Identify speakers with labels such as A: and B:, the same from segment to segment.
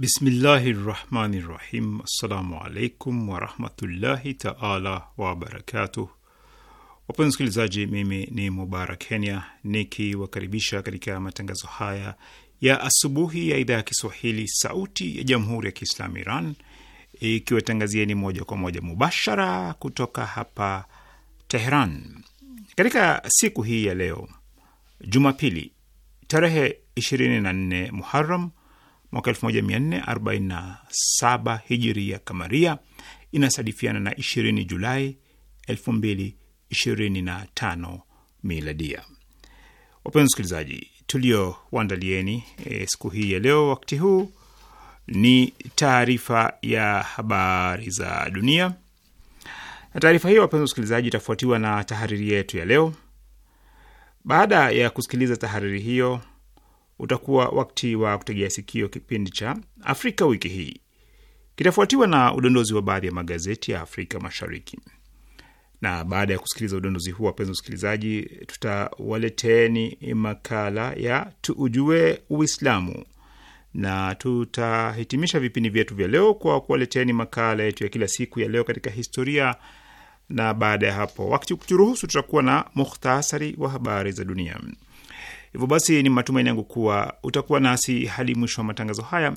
A: Bismillahi rahmani rahim. Assalamu alaikum warahmatullahi taala wabarakatuh. Wapenzi msikilizaji, mimi ni Mubarak Kenya nikiwakaribisha katika matangazo haya ya asubuhi ya idhaa ya Kiswahili Sauti ya Jamhuri ya Kiislamu Iran ikiwatangazieni moja kwa moja mubashara kutoka hapa Teheran katika siku hii ya leo Jumapili tarehe 24 Muharram mwaka 1447 hijiria kamaria inasadifiana na 20 Julai 2025 miladia. Wapenzi tulio tuliowaandalieni e, siku hii ya leo wakati huu ni taarifa ya habari za dunia, na taarifa hiyo wapenzi msikilizaji, itafuatiwa na tahariri yetu ya leo. Baada ya kusikiliza tahariri hiyo utakuwa wakati wa kutegea sikio kipindi cha Afrika wiki hii, kitafuatiwa na udondozi wa baadhi ya magazeti ya Afrika Mashariki. Na baada ya kusikiliza udondozi huu, wapenzi wasikilizaji, tutawaleteni makala ya tuujue Uislamu na tutahitimisha vipindi vyetu vya leo kwa kuwaleteni makala yetu ya kila siku ya leo katika historia, na baada ya hapo, wakati kuturuhusu, tutakuwa na mukhtasari wa habari za dunia. Hivyo basi ni matumaini yangu kuwa utakuwa nasi hadi mwisho wa matangazo haya,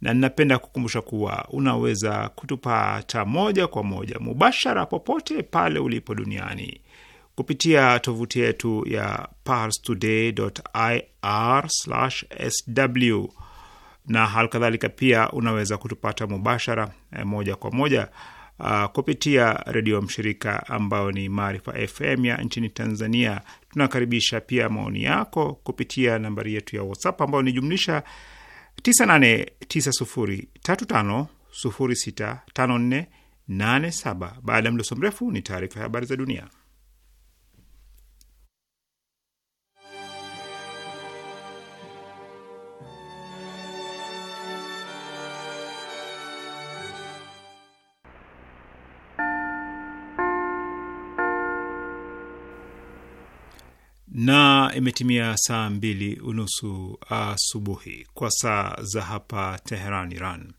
A: na ninapenda kukumbusha kuwa unaweza kutupata moja kwa moja mubashara popote pale ulipo duniani kupitia tovuti yetu ya parstoday.ir/sw na kadhalika pia unaweza kutupata mubashara eh, moja kwa moja uh, kupitia redio mshirika ambayo ni Maarifa FM ya nchini Tanzania. Tunakaribisha pia maoni yako kupitia nambari yetu ya WhatsApp ambayo ni jumlisha 989035065487. Baada ya mdoso mrefu ni taarifa ya habari za dunia. na imetimia saa mbili unusu asubuhi kwa saa za hapa Teheran, Iran,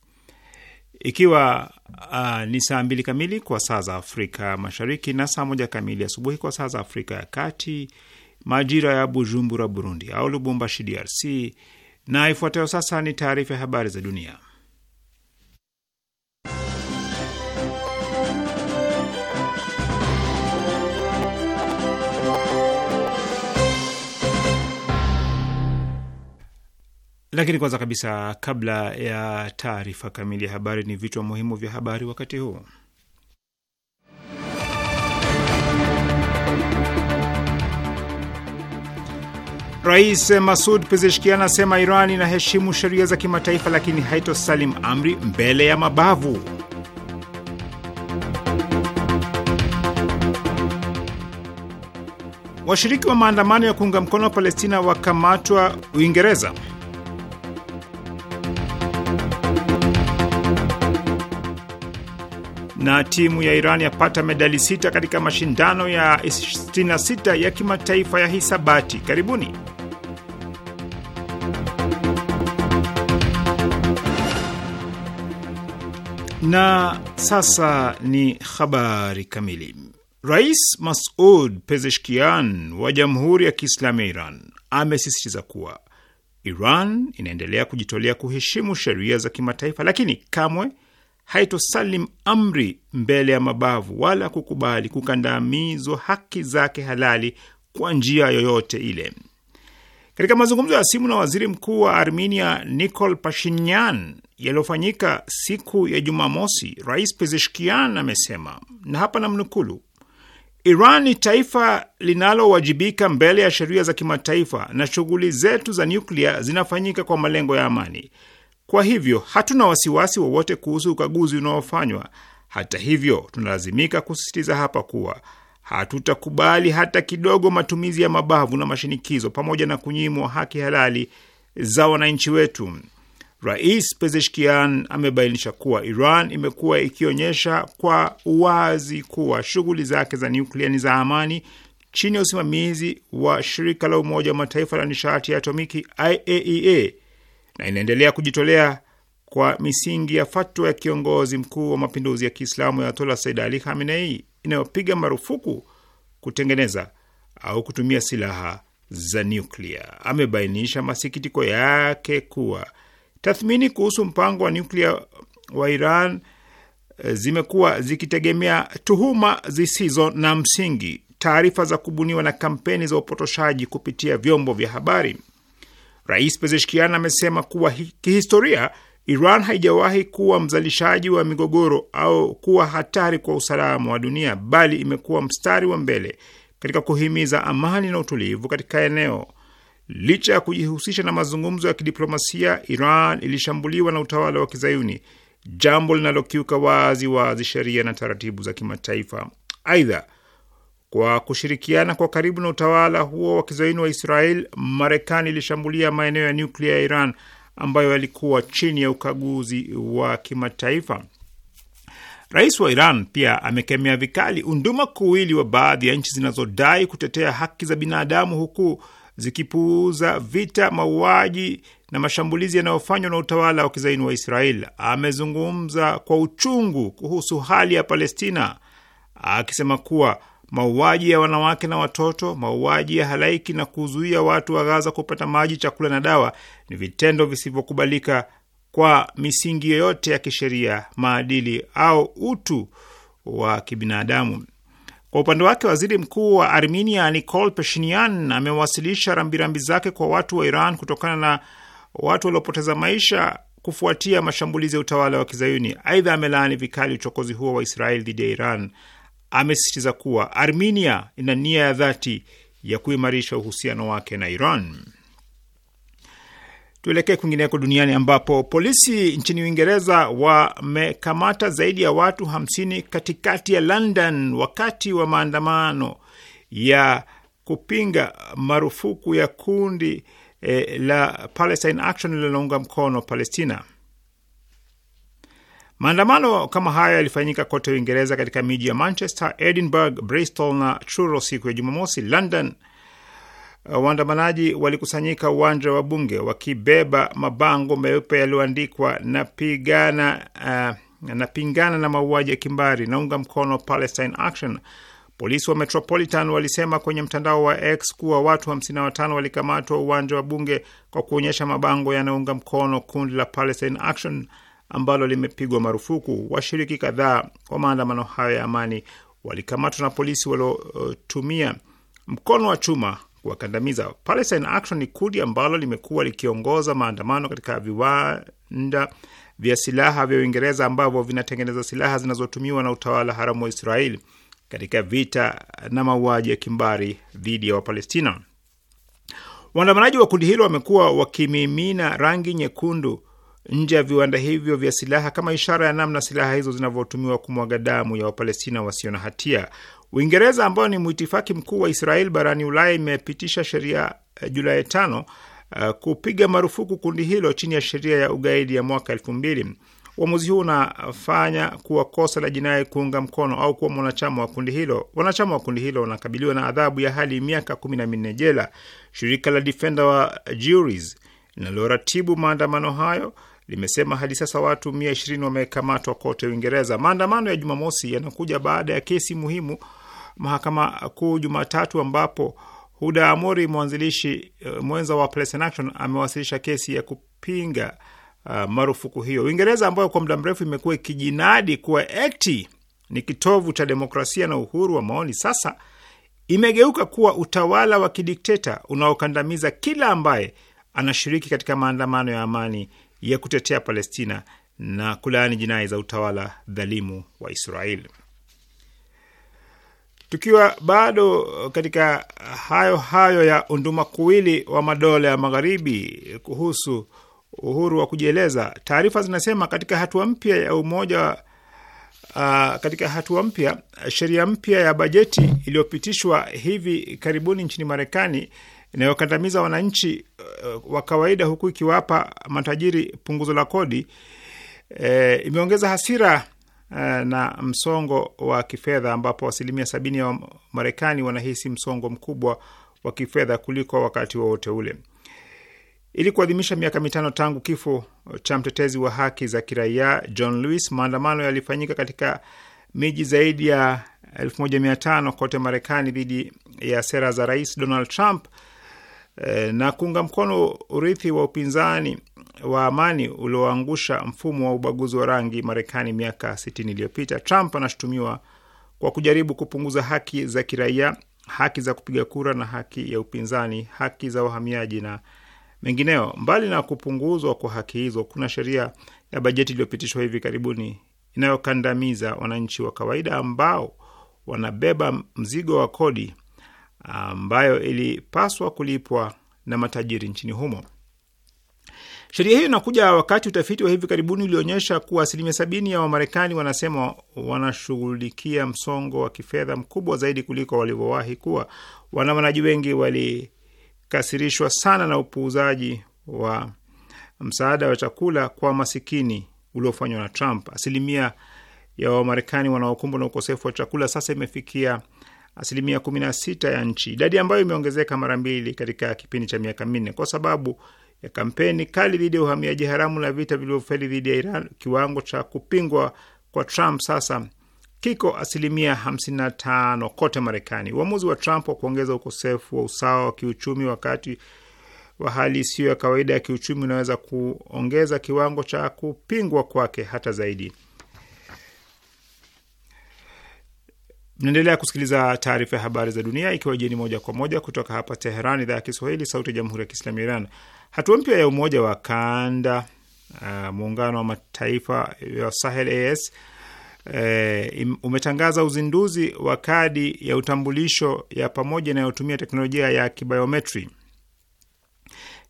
A: ikiwa uh, ni saa mbili kamili kwa saa za Afrika Mashariki na saa moja kamili asubuhi kwa saa za Afrika ya Kati, majira ya Bujumbura, Burundi, au Lubumbashi, DRC. Na ifuatayo sasa ni taarifa ya habari za dunia. Lakini kwanza kabisa, kabla ya taarifa kamili ya habari, ni vichwa muhimu vya habari wakati huu. Rais Masud Pezeshkian anasema Iran inaheshimu sheria za kimataifa lakini haitosalim amri mbele ya mabavu. Washiriki wa maandamano ya kuunga mkono wa Palestina wakamatwa Uingereza. na timu ya Iran yapata medali sita katika mashindano ya 66 ya kimataifa ya hisabati. Karibuni. Na sasa ni habari kamili. Rais Masud Pezeshkian wa Jamhuri ya Kiislamu ya Iran amesisitiza kuwa Iran inaendelea kujitolea kuheshimu sheria za kimataifa, lakini kamwe haitosalim amri mbele ya mabavu wala kukubali kukandamizwa haki zake halali kwa njia yoyote ile. Katika mazungumzo ya simu na waziri mkuu wa Armenia Nikol Pashinyan yaliyofanyika siku ya Jumamosi, Rais Pezeshkian amesema, na hapa namnukulu: Iran ni taifa linalowajibika mbele ya sheria za kimataifa na shughuli zetu za nyuklia zinafanyika kwa malengo ya amani. Kwa hivyo hatuna wasiwasi wowote kuhusu ukaguzi unaofanywa. Hata hivyo, tunalazimika kusisitiza hapa kuwa hatutakubali hata kidogo matumizi ya mabavu na mashinikizo pamoja na kunyimwa haki halali za wananchi wetu. Rais Pezeshkian amebainisha kuwa Iran imekuwa ikionyesha kwa uwazi kuwa shughuli zake za nyuklia ni za amani chini ya usimamizi wa shirika la Umoja wa Mataifa la nishati ya atomiki IAEA e na inaendelea kujitolea kwa misingi ya fatwa ya kiongozi mkuu wa mapinduzi ya Kiislamu ya Ayatollah Said Ali Khamenei inayopiga marufuku kutengeneza au kutumia silaha za nyuklia. Amebainisha masikitiko yake kuwa tathmini kuhusu mpango wa nyuklia wa Iran eh, zimekuwa zikitegemea tuhuma zisizo na msingi, taarifa za kubuniwa na kampeni za upotoshaji kupitia vyombo vya habari. Rais Pezeshkian amesema kuwa kihistoria Iran haijawahi kuwa mzalishaji wa migogoro au kuwa hatari kwa usalama wa dunia, bali imekuwa mstari wa mbele katika kuhimiza amani na utulivu katika eneo. Licha ya kujihusisha na mazungumzo ya kidiplomasia, Iran ilishambuliwa na utawala wa Kizayuni, jambo linalokiuka wazi wazi sheria na taratibu za kimataifa. Aidha, kwa kushirikiana kwa karibu na utawala huo wa kizaini wa Israel, Marekani ilishambulia maeneo ya nyuklia ya Iran ambayo yalikuwa chini ya ukaguzi wa kimataifa. Rais wa Iran pia amekemea vikali unduma kuwili wa baadhi ya nchi zinazodai kutetea haki za binadamu huku zikipuuza vita, mauaji na mashambulizi yanayofanywa na utawala wa kizaini wa Israel. Amezungumza kwa uchungu kuhusu hali ya Palestina akisema kuwa mauaji ya wanawake na watoto, mauaji ya halaiki na kuzuia watu wa Gaza kupata maji, chakula na dawa ni vitendo visivyokubalika kwa misingi yoyote ya kisheria, maadili au utu wa kibinadamu. Kwa upande wake, waziri mkuu wa Armenia Nikol Pashinyan amewasilisha rambirambi zake kwa watu wa Iran kutokana na watu waliopoteza maisha kufuatia mashambulizi ya utawala wa Kizayuni. Aidha, amelaani vikali uchokozi huo wa Israeli dhidi ya Iran amesisitiza kuwa Armenia ina nia ya dhati ya kuimarisha uhusiano wake na Iran. Tuelekee kwingineko duniani ambapo polisi nchini Uingereza wamekamata zaidi ya watu 50 katikati ya London wakati wa maandamano ya kupinga marufuku ya kundi eh, la Palestine Action linalounga mkono Palestina. Maandamano kama hayo yalifanyika kote Uingereza, katika miji ya Manchester, Edinburgh, Bristol na Truro siku ya Jumamosi. London, uh, waandamanaji walikusanyika uwanja wa bunge wakibeba mabango meupe yaliyoandikwa napigana uh, napingana na mauaji ya kimbari, naunga mkono Palestine Action. Polisi wa Metropolitan walisema kwenye mtandao wa X kuwa watu 55 walikamatwa uwanja wa bunge kwa kuonyesha mabango yanaunga mkono kundi la Palestine Action ambalo limepigwa marufuku. Washiriki kadhaa wa maandamano hayo ya amani walikamatwa na polisi waliotumia mkono wa chuma kuwakandamiza. Palestine Action ni kundi ambalo limekuwa likiongoza maandamano katika viwanda vya silaha vya Uingereza ambavyo vinatengeneza silaha zinazotumiwa na utawala haramu wa Israeli katika vita na mauaji ya kimbari dhidi ya Wapalestina. Waandamanaji wa kundi hilo wamekuwa wakimimina rangi nyekundu nje ya viwanda hivyo vya silaha kama ishara ya namna silaha hizo zinavyotumiwa kumwaga damu ya Wapalestina wasio na hatia. Uingereza ambayo ni mwitifaki mkuu wa Israel barani Ulaya imepitisha sheria eh, Julai tano uh, kupiga marufuku kundi hilo chini ya sheria ya ugaidi ya mwaka elfu mbili. Uamuzi huu unafanya kuwa kosa la jinai kuunga mkono au kuwa mwanachama wa kundi hilo. Wanachama wa kundi hilo wanakabiliwa na adhabu ya hali miaka kumi na minne jela. Shirika la Defender wa Juries linaloratibu maandamano hayo limesema hadi sasa watu 120 wamekamatwa kote Uingereza. Maandamano ya Jumamosi yanakuja baada ya kesi muhimu mahakama kuu Jumatatu, ambapo Huda Amori, mwanzilishi eh, mwenza wa in Action, amewasilisha kesi ya kupinga uh, marufuku hiyo. Uingereza ambayo kwa muda mrefu imekuwa ikijinadi kuwa eti ni kitovu cha demokrasia na uhuru wa maoni, sasa imegeuka kuwa utawala wa kidikteta unaokandamiza kila ambaye anashiriki katika maandamano ya amani ya kutetea Palestina na kulaani jinai za utawala dhalimu wa Israeli. Tukiwa bado katika hayo hayo ya unduma kuwili wa madola ya magharibi kuhusu uhuru wa kujieleza, taarifa zinasema katika hatua mpya ya umoja Uh, katika hatua mpya sheria mpya ya bajeti iliyopitishwa hivi karibuni nchini Marekani inayokandamiza wananchi uh, wa kawaida huku ikiwapa matajiri punguzo la kodi uh, imeongeza hasira uh, na msongo wa kifedha ambapo asilimia sabini ya Marekani wanahisi msongo mkubwa wa kifedha kuliko wakati wowote wa ule. Ili kuadhimisha miaka mitano tangu kifo cha mtetezi wa haki za kiraia John Lewis, maandamano yalifanyika katika miji zaidi ya 1500 kote Marekani dhidi ya sera za Rais Donald Trump Eh, na kuunga mkono urithi wa upinzani wa amani ulioangusha mfumo wa ubaguzi wa rangi Marekani miaka 60 iliyopita. Trump anashutumiwa kwa kujaribu kupunguza haki za kiraia, haki za kupiga kura na haki ya upinzani, haki za wahamiaji na mengineo. Mbali na kupunguzwa kwa haki hizo, kuna sheria ya bajeti iliyopitishwa hivi karibuni inayokandamiza wananchi wa kawaida ambao wanabeba mzigo wa kodi ambayo ilipaswa kulipwa na matajiri nchini humo. Sheria hiyo inakuja wakati utafiti wa hivi karibuni ulionyesha kuwa asilimia sabini ya Wamarekani wanasema wanashughulikia msongo wa kifedha mkubwa zaidi kuliko walivyowahi kuwa. Waandamanaji wengi walikasirishwa sana na upuuzaji wa msaada wa chakula kwa masikini uliofanywa na Trump. Asilimia ya Wamarekani wanaokumbwa na ukosefu wa chakula sasa imefikia asilimia 16 ya nchi, idadi ambayo imeongezeka mara mbili katika kipindi cha miaka minne kwa sababu ya kampeni kali dhidi ya uhamiaji haramu na vita vilivyofeli dhidi ya Iran. Kiwango cha kupingwa kwa Trump sasa kiko asilimia 55 kote Marekani. Uamuzi wa Trump wa kuongeza ukosefu wa usawa wa kiuchumi wakati wa hali isiyo ya kawaida ya kiuchumi unaweza kuongeza kiwango cha kupingwa kwake hata zaidi. Mnaendelea kusikiliza taarifa ya habari za dunia ikiwa jeni moja kwa moja kutoka hapa Teheran, idhaa ya Kiswahili, sauti ya jamhuri ya kiislamu ya Iran. Hatua mpya ya umoja wa kanda uh, muungano wa mataifa ya Sahel AS E, eh, umetangaza uzinduzi wa kadi ya utambulisho ya pamoja inayotumia teknolojia ya kibiometri.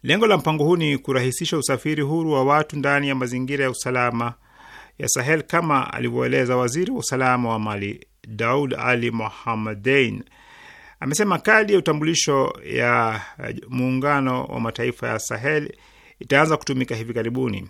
A: Lengo la mpango huu ni kurahisisha usafiri huru wa watu ndani ya mazingira ya usalama ya Sahel kama alivyoeleza waziri wa usalama wa Mali Daud Ali Mohamedain amesema kadi ya utambulisho ya muungano wa mataifa ya Sahel itaanza kutumika hivi karibuni.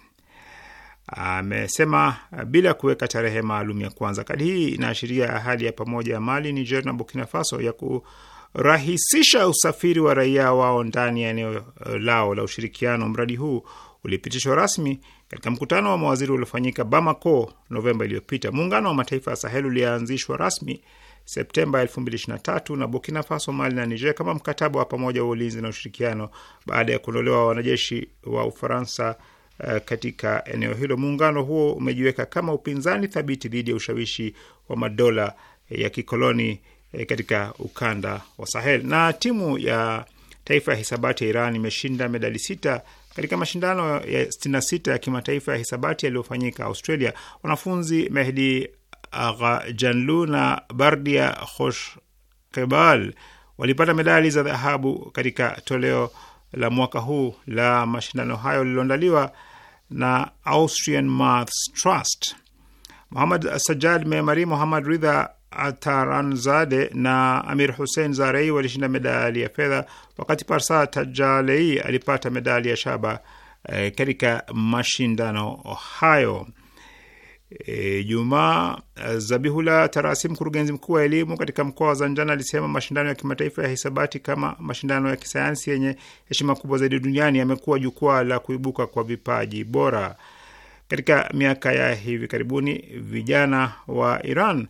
A: Amesema bila kuweka tarehe maalum ya kwanza, kadi hii inaashiria ahadi ya pamoja ya Mali, Niger na Burkina Faso ya kurahisisha usafiri wa raia wao ndani ya eneo lao la ushirikiano. Mradi huu ulipitishwa rasmi katika mkutano wa mawaziri uliofanyika Bamako Novemba iliyopita, muungano wa mataifa ya Sahel ulianzishwa rasmi Septemba 2023 na Burkina Faso, Mali na Niger kama mkataba wa pamoja wa ulinzi na ushirikiano baada ya kuondolewa wanajeshi wa Ufaransa uh, katika eneo hilo. Muungano huo umejiweka kama upinzani thabiti dhidi ya ushawishi wa madola ya kikoloni eh, katika ukanda wa Sahel. Na timu ya taifa ya hisabati ya Iran imeshinda medali sita katika mashindano ya 66 ya kimataifa ya hisabati yaliyofanyika Australia, wanafunzi Mehdi Aghajanlu na Bardia Khoshkebal walipata medali za dhahabu katika toleo la mwaka huu la mashindano hayo lililoandaliwa na Austrian Maths Trust. Muhamad Sajad Memari, Muhamad Ridha Ataranzade na Amir Hussein Zarei walishinda medali ya fedha, wakati Parsa Tajalei alipata medali ya shaba e, katika mashindano hayo. E, Juma eh, Zabihula Tarasi, mkurugenzi mkuu wa elimu katika mkoa wa Zanjana, alisema mashindano ya kimataifa ya hisabati kama mashindano ya kisayansi yenye heshima kubwa zaidi duniani yamekuwa jukwaa la kuibuka kwa vipaji bora. Katika miaka ya hivi karibuni, vijana wa Iran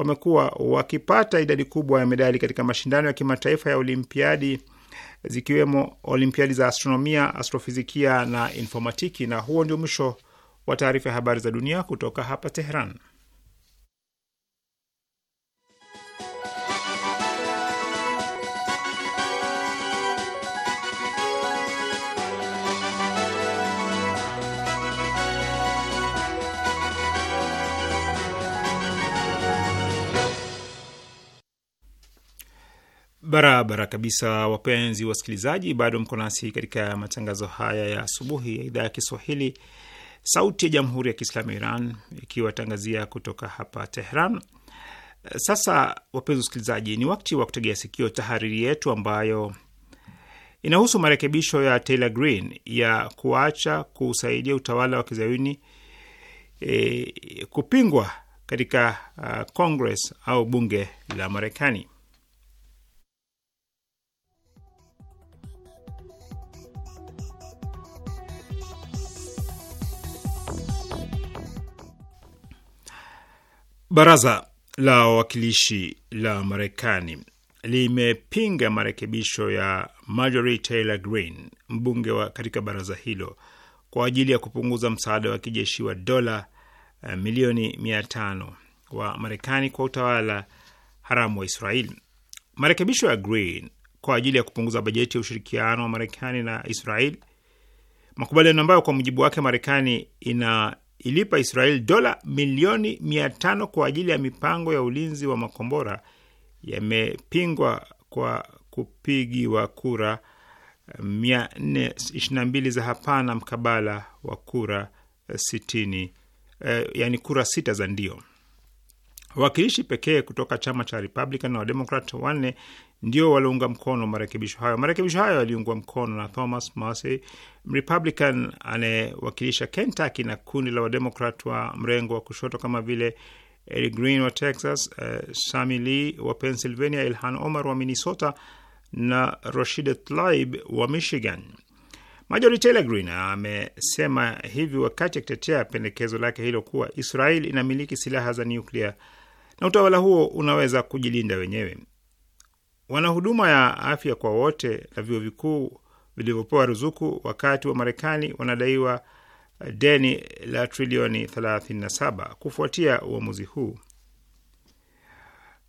A: wamekuwa wakipata idadi kubwa ya medali katika mashindano ya kimataifa ya olimpiadi zikiwemo olimpiadi za astronomia, astrofizikia na informatiki. Na huo ndio mwisho wa taarifa ya habari za dunia kutoka hapa teheran Barabara kabisa, wapenzi wasikilizaji, bado mko nasi katika matangazo haya ya asubuhi ya idhaa ya Kiswahili, Sauti ya Jamhuri ya Kiislamu ya Iran ikiwatangazia kutoka hapa Tehran. Sasa wapenzi wasikilizaji, ni wakati wa kutegea sikio tahariri yetu ambayo inahusu marekebisho ya Taylor Green ya kuacha kusaidia utawala wa kizayuni e, kupingwa katika uh, Congress au bunge la Marekani. Baraza la Wawakilishi la Marekani limepinga marekebisho ya Marjorie Taylor Greene, mbunge wa katika baraza hilo kwa ajili ya kupunguza msaada wa kijeshi wa dola eh, milioni mia tano wa Marekani kwa utawala haramu wa Israel. Marekebisho ya Greene kwa ajili ya kupunguza bajeti ya ushirikiano wa Marekani na Israel, makubaliano ambayo kwa mujibu wake Marekani ina ilipa Israel dola milioni mia tano kwa ajili ya mipango ya ulinzi wa makombora yamepingwa kwa kupigiwa kura 422 eh, za hapana mkabala wa kura 60, eh, eh, yani kura sita za ndio. Wawakilishi pekee kutoka chama cha Republican na Wademokrat wanne ndio waliunga mkono marekebisho hayo. Marekebisho hayo yaliungwa mkono na Thomas Massey, Mrepublican anayewakilisha Kentucky, na kundi la Wademokrat wa mrengo wa kushoto kama vile Eric Green wa Texas, uh, eh, Sami Lee wa Pennsylvania, Ilhan Omar wa Minnesota na Rashid Tlaib wa Michigan. Marjorie Taylor Greene amesema hivi wakati akitetea pendekezo lake hilo kuwa Israel inamiliki silaha za nyuklia na utawala huo unaweza kujilinda wenyewe wana huduma ya afya kwa wote na vyuo vikuu vilivyopewa ruzuku, wakati wa Marekani wanadaiwa uh, deni la trilioni 37. Kufuatia uamuzi huu,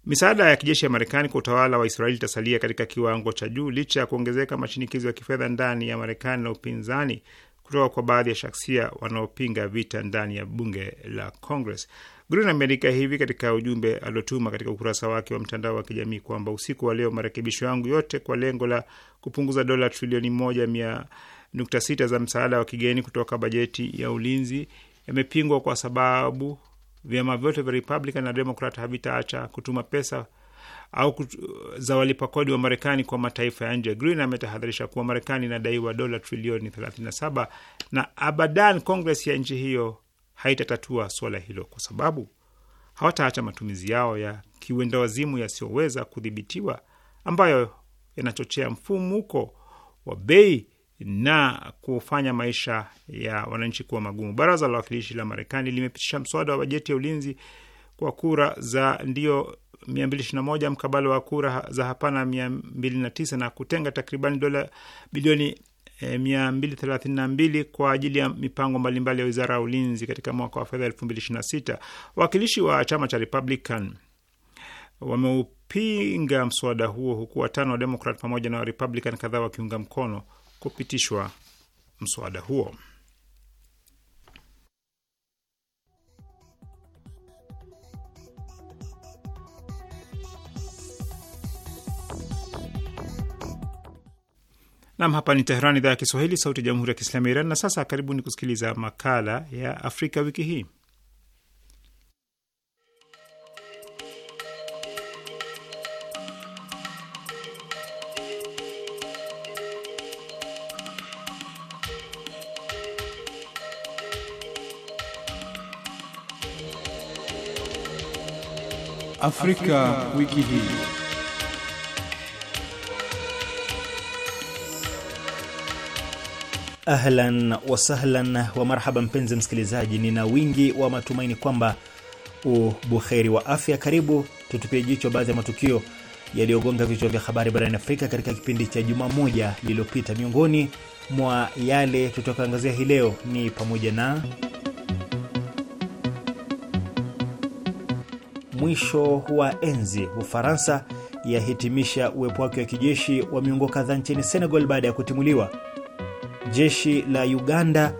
A: misaada ya kijeshi ya Marekani kwa utawala wa Israeli itasalia katika kiwango cha juu licha ya kuongezeka mashinikizo ya kifedha ndani ya Marekani na upinzani kutoka kwa baadhi ya shaksia wanaopinga vita ndani ya bunge la Congress. Green ameandika hivi katika ujumbe aliotuma katika ukurasa wake wa mtandao wa kijamii kwamba usiku wa leo marekebisho yangu yote kwa lengo la kupunguza dola trilioni moja mia nukta sita za msaada wa kigeni kutoka bajeti ya ulinzi yamepingwa kwa sababu vyama vyote vya Republican na Democrat havitaacha kutuma pesa au za walipa kodi wa Marekani kwa mataifa ya nje. Green ametahadharisha kuwa Marekani inadaiwa dola trilioni 37 na abadan Kongres ya nchi hiyo haitatatua suala hilo kwa sababu hawataacha matumizi yao ya kiwendawazimu yasiyoweza kudhibitiwa ambayo yanachochea mfumuko wa bei na kufanya maisha ya wananchi kuwa magumu. Baraza la Wawakilishi la Marekani limepitisha mswada wa bajeti ya ulinzi kwa kura za ndio 221 mkabala wa kura za hapana 209 na kutenga takribani dola bilioni 232 kwa ajili ya mipango mbalimbali ya wizara ya ulinzi katika mwaka wa fedha 2026. Wawakilishi wa chama cha Republican wameupinga mswada huo huku watano wa Demokrat pamoja na wa Republican kadhaa wakiunga mkono kupitishwa mswada huo. Nam, hapa ni Teheran, idhaa ya Kiswahili, sauti ya jamhuri ya kiislamu ya Iran. Na sasa karibuni kusikiliza makala ya Afrika wiki hii.
B: Afrika, Afrika wiki hii. Ahlan wasahlan wa marhaba, mpenzi msikilizaji, nina wingi wa matumaini kwamba ubuheri wa afya. Karibu tutupie jicho baadhi ya matukio yaliyogonga vichwa vya habari barani Afrika katika kipindi cha juma moja lililopita. Miongoni mwa yale tutakaangazia hii leo ni pamoja na mwisho wa enzi, Ufaransa yahitimisha uwepo wake wa kijeshi wa miongo kadhaa nchini Senegal baada ya kutimuliwa Jeshi la Uganda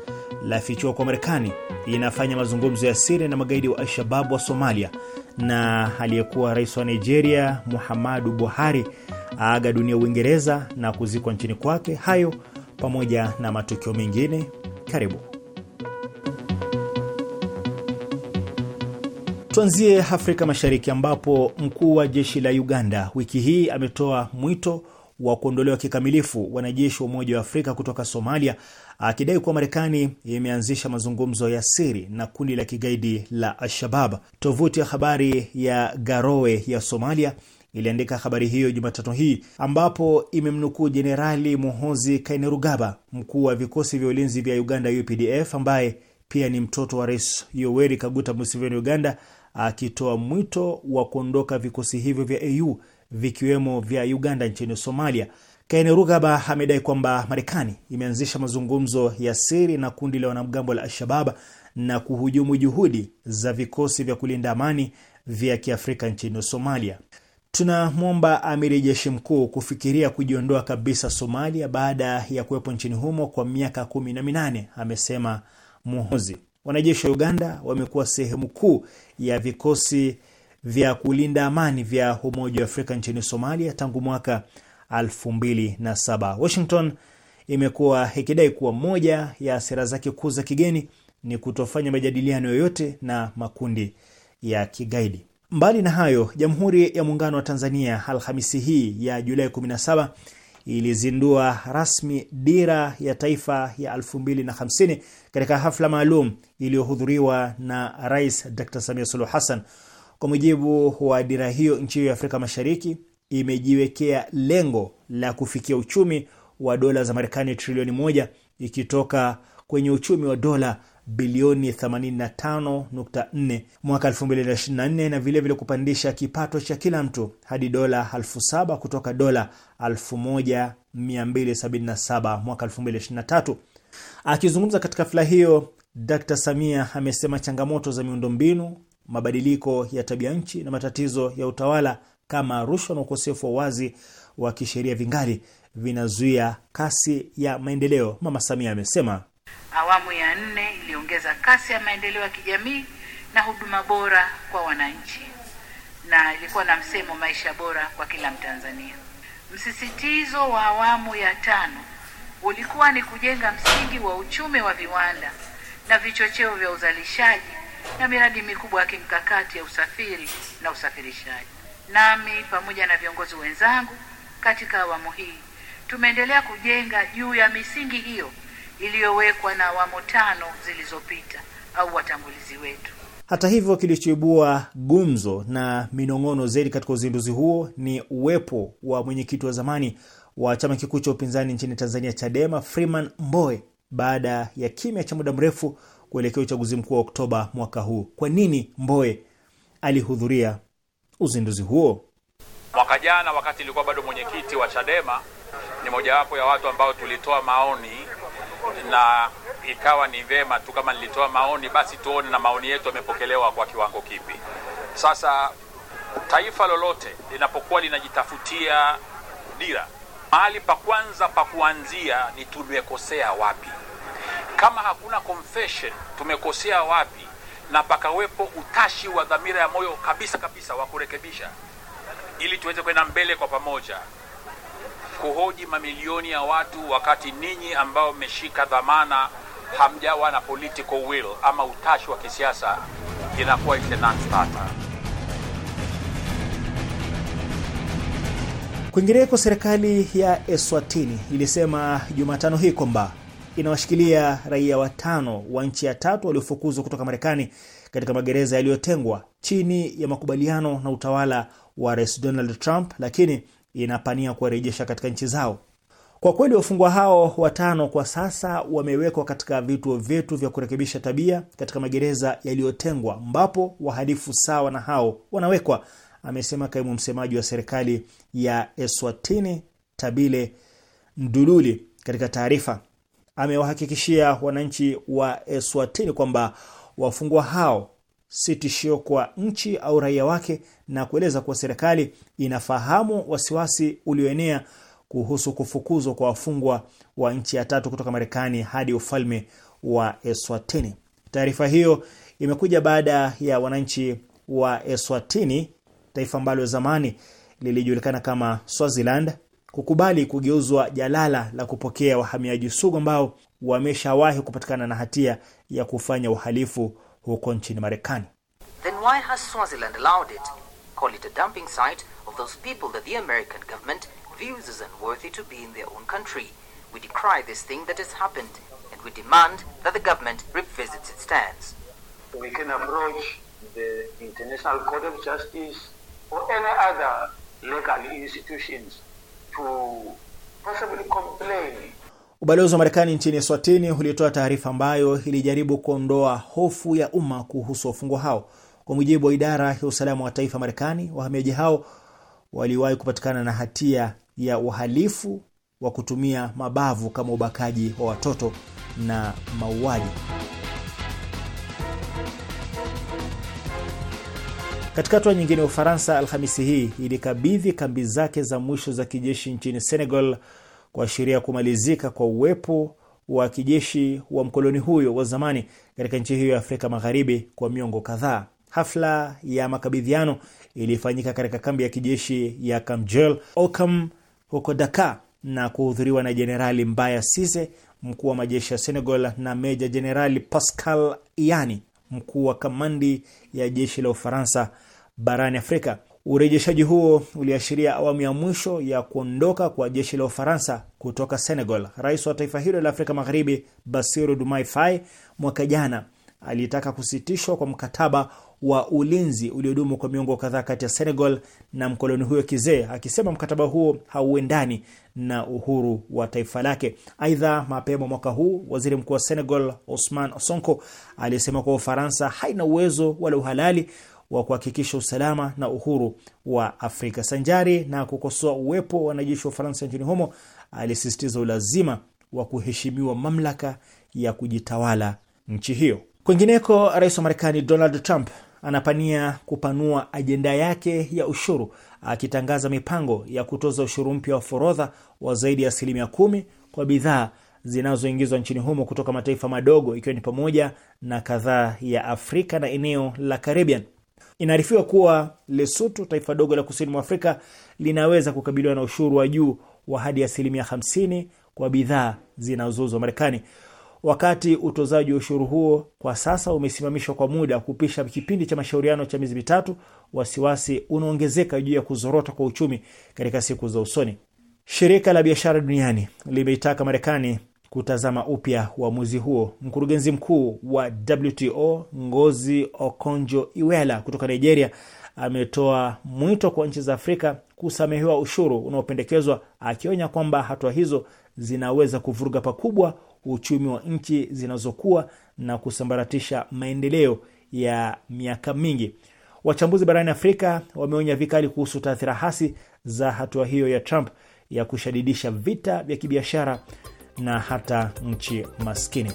B: lafichua kwa Marekani inafanya mazungumzo ya siri na magaidi wa alshababu wa Somalia, na aliyekuwa rais wa Nigeria Muhammadu Buhari aaga dunia Uingereza na kuzikwa nchini kwake. Hayo pamoja na matukio mengine, karibu tuanzie Afrika Mashariki, ambapo mkuu wa jeshi la Uganda wiki hii ametoa mwito wa kuondolewa kikamilifu wanajeshi wa Umoja wa Afrika kutoka Somalia, akidai kuwa Marekani imeanzisha mazungumzo ya siri na kundi la kigaidi la Al-Shabab. Tovuti ya habari ya Garowe ya Somalia iliandika habari hiyo Jumatatu hii ambapo imemnukuu Jenerali Muhozi Kainerugaba, mkuu wa vikosi vya ulinzi vya Uganda UPDF, ambaye pia ni mtoto wa Rais Yoweri Kaguta Museveni Uganda, akitoa mwito wa kuondoka vikosi hivyo vya AU vikiwemo vya Uganda nchini Somalia. Kaine Rugaba amedai kwamba Marekani imeanzisha mazungumzo ya siri na kundi la wanamgambo la Alshabab na kuhujumu juhudi za vikosi vya kulinda amani vya kiafrika nchini Somalia. Tunamwomba amiri jeshi mkuu kufikiria kujiondoa kabisa Somalia baada ya kuwepo nchini humo kwa miaka kumi na minane, amesema Muhozi. Wanajeshi wa Uganda wamekuwa sehemu kuu ya vikosi vya kulinda amani vya Umoja wa Afrika nchini Somalia tangu mwaka 2007. Washington imekuwa ikidai kuwa moja ya sera zake kuu za kigeni ni kutofanya majadiliano yoyote na makundi ya kigaidi. Mbali na hayo, Jamhuri ya Muungano wa Tanzania Alhamisi hii ya Julai 17 ilizindua rasmi dira ya taifa ya 2050 katika hafla maalum iliyohudhuriwa na Rais Dr. Samia Suluhu Hassan. Kwa mujibu wa dira hiyo, nchi hiyo ya Afrika Mashariki imejiwekea lengo la kufikia uchumi wa dola za Marekani trilioni moja ikitoka kwenye uchumi wa dola bilioni 85.4 mwaka 2024 na vilevile kupandisha kipato cha kila mtu hadi dola 7,000 kutoka dola 1,277 mwaka 2023. Akizungumza katika hafla hiyo, Dr. Samia amesema changamoto za miundombinu mabadiliko ya tabia nchi na matatizo ya utawala kama rushwa na ukosefu wa wazi wa kisheria vingali vinazuia kasi ya maendeleo. Mama Samia amesema
A: awamu ya nne iliongeza kasi ya maendeleo ya kijamii na huduma bora kwa wananchi, na ilikuwa na msemo maisha bora kwa kila Mtanzania. Msisitizo wa awamu ya tano ulikuwa ni kujenga msingi wa uchumi wa viwanda na vichocheo vya uzalishaji na miradi mikubwa ya kimkakati ya usafiri
C: na usafirishaji. Nami pamoja na viongozi wenzangu katika awamu hii
A: tumeendelea kujenga juu ya misingi hiyo iliyowekwa na awamu tano zilizopita au watangulizi wetu.
B: Hata hivyo, kilichoibua gumzo na minong'ono zaidi katika uzinduzi huo ni uwepo wa mwenyekiti wa zamani wa chama kikuu cha upinzani nchini Tanzania, Chadema, Freeman Mbowe, baada ya kimya cha muda mrefu kuelekea uchaguzi mkuu wa Oktoba mwaka huu. Kwa nini mboe alihudhuria uzinduzi huo?
A: Mwaka jana wakati ilikuwa bado mwenyekiti wa Chadema, ni mojawapo ya watu ambao tulitoa maoni na ikawa ni vema tu kama nilitoa maoni basi tuone na maoni yetu yamepokelewa kwa kiwango kipi. Sasa taifa lolote linapokuwa linajitafutia dira, mahali pa kwanza pa kuanzia ni tumekosea wapi. Kama hakuna confession, tumekosea wapi, na pakawepo utashi wa dhamira ya moyo kabisa kabisa wa kurekebisha, ili tuweze kwenda mbele kwa pamoja kuhoji mamilioni ya watu, wakati ninyi ambao mmeshika dhamana hamjawa na political will ama utashi wa kisiasa, inakuwa it's nonstarter.
B: Kwingineko, serikali ya Eswatini ilisema Jumatano hii kwamba inawashikilia raia watano wa nchi ya tatu waliofukuzwa kutoka Marekani katika magereza yaliyotengwa chini ya makubaliano na utawala wa Rais Donald Trump, lakini inapania kuwarejesha katika nchi zao. Kwa kweli wafungwa hao watano kwa sasa wamewekwa katika vituo vyetu vya kurekebisha tabia katika magereza yaliyotengwa, ambapo wahalifu sawa na hao wanawekwa, amesema kaimu msemaji wa serikali ya Eswatini Tabile Ndululi katika taarifa amewahakikishia wananchi wa Eswatini kwamba wafungwa hao si tishio kwa nchi au raia wake, na kueleza kuwa serikali inafahamu wasiwasi ulioenea kuhusu kufukuzwa kwa wafungwa wa nchi ya tatu kutoka Marekani hadi ufalme wa Eswatini. Taarifa hiyo imekuja baada ya wananchi wa Eswatini, taifa ambalo zamani lilijulikana kama Swaziland, kukubali kugeuzwa jalala la kupokea wahamiaji sugu ambao wameshawahi kupatikana na hatia ya kufanya uhalifu huko nchini Marekani.
C: Then why has Swaziland allowed it?
B: Call it a dumping site of those people that the American government views as unworthy to be in their own country. We decry this thing that has happened and we demand that the government revisits its stance. We can approach the International Court of Justice or any other legal institutions to
D: possibly complain.
B: Ubalozi wa Marekani nchini Eswatini ulitoa taarifa ambayo ilijaribu kuondoa hofu ya umma kuhusu wafungwa hao. Kwa mujibu wa idara ya usalama wa taifa Marekani, wahamiaji hao waliwahi kupatikana na hatia ya uhalifu wa kutumia mabavu kama ubakaji wa watoto na mauaji. Katika hatua nyingine, Ufaransa Alhamisi hii ilikabidhi kambi zake za mwisho za kijeshi nchini Senegal kuashiria kumalizika kwa uwepo wa kijeshi wa mkoloni huyo wa zamani katika nchi hiyo ya Afrika Magharibi kwa miongo kadhaa. Hafla ya makabidhiano ilifanyika katika kambi ya kijeshi ya Kamjel Okam huko Dakar na kuhudhuriwa na Jenerali Mbaya Sise, mkuu wa majeshi ya Senegal, na Meja Jenerali Pascal Iyani, mkuu wa kamandi ya jeshi la Ufaransa barani Afrika. Urejeshaji huo uliashiria awamu ya mwisho ya kuondoka kwa jeshi la Ufaransa kutoka Senegal. Rais wa taifa hilo la Afrika Magharibi, Bassirou Diomaye Faye, mwaka jana alitaka kusitishwa kwa mkataba wa ulinzi uliodumu kwa miongo kadhaa kati ya Senegal na mkoloni huyo kizee, akisema mkataba huo hauendani na uhuru wa taifa lake. Aidha, mapema mwaka huu waziri mkuu wa Senegal Osman Sonko alisema kuwa Ufaransa haina uwezo wala uhalali wa kuhakikisha usalama na uhuru wa Afrika. Sanjari na kukosoa uwepo wa wanajeshi wa Ufaransa nchini humo, alisisitiza ulazima wa kuheshimiwa mamlaka ya kujitawala nchi hiyo. Kwingineko, rais wa Marekani Donald Trump anapania kupanua ajenda yake ya ushuru akitangaza mipango ya kutoza ushuru mpya wa forodha wa zaidi ya asilimia kumi kwa bidhaa zinazoingizwa nchini humo kutoka mataifa madogo ikiwa ni pamoja na kadhaa ya Afrika na eneo la Caribbean. Inaarifiwa kuwa Lesotho, taifa dogo la kusini mwa Afrika, linaweza kukabiliwa na ushuru wa juu wa hadi asilimia 50 kwa bidhaa zinazouzwa Marekani. Wakati utozaji wa ushuru huo kwa sasa umesimamishwa kwa muda kupisha kipindi cha mashauriano cha miezi mitatu, wasiwasi unaongezeka juu ya kuzorota kwa uchumi katika siku za usoni. Shirika la biashara duniani limeitaka Marekani kutazama upya uamuzi huo. Mkurugenzi mkuu wa WTO Ngozi Okonjo-Iweala kutoka Nigeria ametoa mwito kwa nchi za Afrika kusamehewa ushuru unaopendekezwa, akionya kwamba hatua hizo zinaweza kuvuruga pakubwa uchumi wa nchi zinazokuwa na kusambaratisha maendeleo ya miaka mingi. Wachambuzi barani Afrika wameonya vikali kuhusu taathira hasi za hatua hiyo ya Trump ya kushadidisha vita vya kibiashara na hata nchi maskini.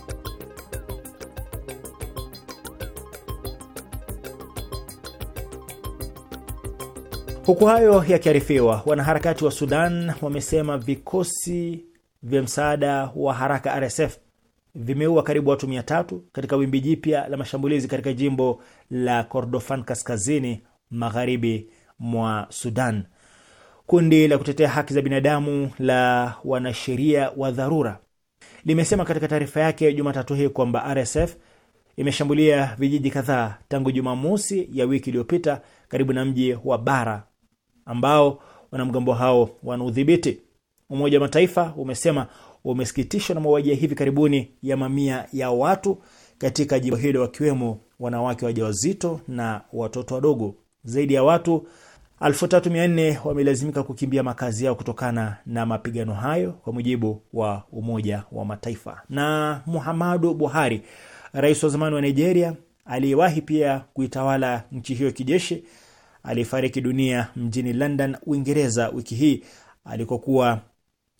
B: Huku hayo yakiarifiwa, wanaharakati wa Sudan wamesema vikosi vya msaada wa haraka RSF vimeua karibu watu mia tatu katika wimbi jipya la mashambulizi katika jimbo la Kordofan kaskazini magharibi mwa Sudan. Kundi la kutetea haki za binadamu la wanasheria wa dharura limesema katika taarifa yake Jumatatu hii kwamba RSF imeshambulia vijiji kadhaa tangu Jumamosi ya wiki iliyopita karibu na mji wa Bara ambao wanamgambo hao wanaudhibiti. Umoja wa Mataifa umesema umesikitishwa na mauaji ya hivi karibuni ya mamia ya watu katika jimbo hilo, wakiwemo wanawake wajawazito na watoto wadogo. Zaidi ya watu 3400 wamelazimika kukimbia makazi yao kutokana na mapigano hayo, kwa mujibu wa Umoja wa Mataifa. Na Muhammadu Buhari, rais wa zamani wa Nigeria aliyewahi pia kuitawala nchi hiyo kijeshi, aliyefariki dunia mjini London, Uingereza wiki hii alikokuwa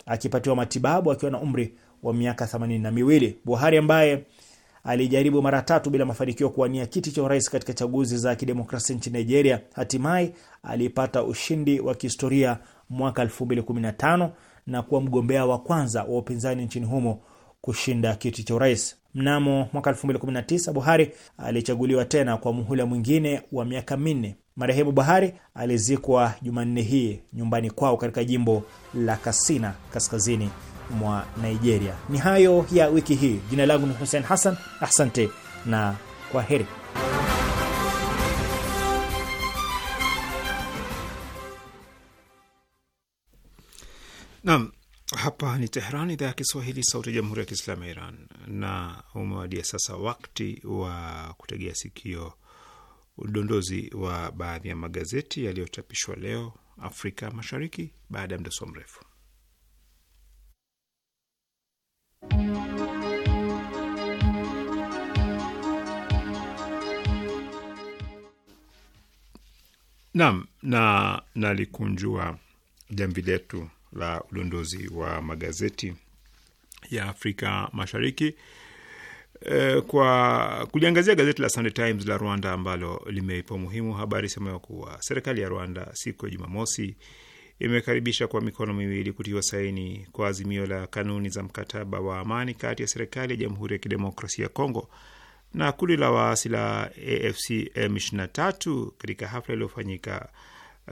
B: akipatiwa matibabu akiwa na umri wa miaka themanini na miwili. Buhari ambaye alijaribu mara tatu bila mafanikio kuwania kiti cha urais katika chaguzi za kidemokrasia nchini Nigeria, hatimaye alipata ushindi wa kihistoria mwaka 2015 na kuwa mgombea wa kwanza wa upinzani nchini humo kushinda kiti cha urais. Mnamo mwaka 2019 Buhari alichaguliwa tena kwa muhula mwingine wa miaka minne Marehemu Bahari alizikwa Jumanne hii nyumbani kwao katika jimbo la Katsina, kaskazini mwa Nigeria. Ni hayo ya wiki hii. Jina langu ni Hussein Hassan, asante na kwa heri.
A: Naam, hapa ni teheran idhaa ya Kiswahili, sauti ya jamhuri ya kiislamu ya Iran, na umewadia sasa wakati wa kutegea sikio udondozi wa baadhi ya magazeti yaliyochapishwa leo Afrika Mashariki baada ya mdoso mrefu. Naam, na nalikunjua jamvi letu la udondozi wa magazeti ya Afrika Mashariki Eh, kwa kuliangazia gazeti la Sunday Times la Rwanda ambalo limeipa umuhimu habari semayo kuwa serikali ya Rwanda siku ya Jumamosi imekaribisha kwa mikono miwili kutiwa saini kwa azimio la kanuni za mkataba wa amani kati ya serikali ya Jamhuri ya Kidemokrasia ya Kongo na kundi la waasi la AFC M23 katika hafla iliyofanyika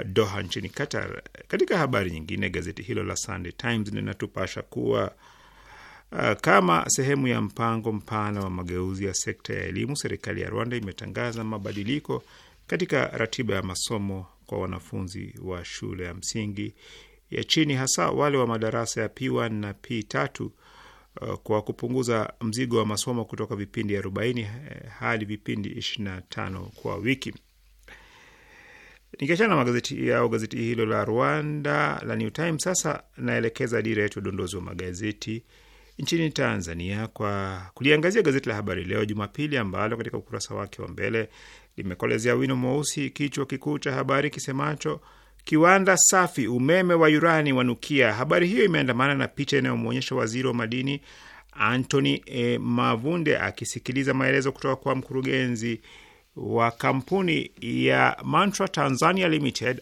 A: Doha nchini Qatar. Katika habari nyingine, gazeti hilo la Sunday Times linatupasha kuwa Uh, kama sehemu ya mpango mpana wa mageuzi ya sekta ya elimu, serikali ya Rwanda imetangaza mabadiliko katika ratiba ya masomo kwa wanafunzi wa shule ya msingi ya chini, hasa wale wa madarasa ya P1 na P3 uh, kwa kupunguza mzigo wa masomo kutoka vipindi 40 eh, hadi vipindi 25 kwa wiki. Nikiachana na magazeti yao, gazeti hilo la Rwanda la New Times, sasa naelekeza dira yetu ya udondozi wa magazeti nchini Tanzania kwa kuliangazia gazeti la Habari Leo Jumapili, ambalo katika ukurasa wake wa mbele limekolezea wino mweusi kichwa kikuu cha habari kisemacho kiwanda safi umeme wa urani wanukia. Habari hiyo imeandamana na picha inayomwonyesha waziri wa madini Anthony e, Mavunde akisikiliza maelezo kutoka kwa mkurugenzi wa kampuni ya Mantra Tanzania Limited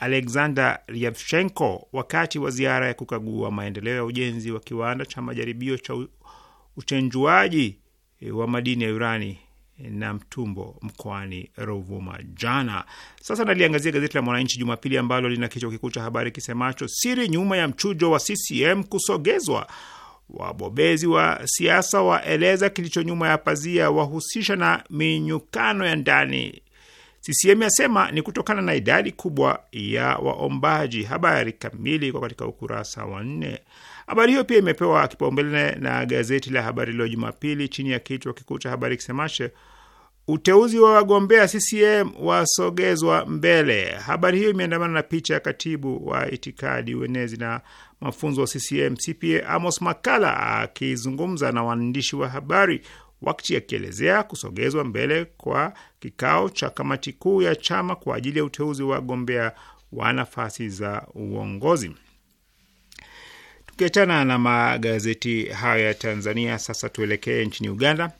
A: Alexander Ryevchenko wakati wa ziara ya kukagua maendeleo ya ujenzi wa kiwanda cha majaribio cha uchenjuaji e, wa madini ya urani e, na mtumbo mkoani Ruvuma jana. Sasa naliangazia gazeti la Mwananchi Jumapili ambalo lina kichwa kikuu cha habari kisemacho siri nyuma ya mchujo wa CCM kusogezwa. Wabobezi wa siasa waeleza kilicho nyuma ya pazia, wahusisha na minyukano ya ndani CCM yasema ni kutokana na idadi kubwa ya waombaji. Habari kamili kwa katika ukurasa wa nne. Habari hiyo pia imepewa kipaumbele na gazeti la Habari Leo Jumapili chini ya kichwa kikuu cha habari kisemache uteuzi wa wagombea CCM wasogezwa mbele. Habari hiyo imeandamana na picha ya katibu wa itikadi, uenezi na mafunzo wa CCM CPA Amos Makala akizungumza na waandishi wa habari wakati akielezea kusogezwa mbele kwa kikao cha kamati kuu ya chama kwa ajili ya uteuzi wa wagombea wa nafasi za uongozi. Tukiachana na magazeti hayo ya Tanzania, sasa tuelekee nchini Uganda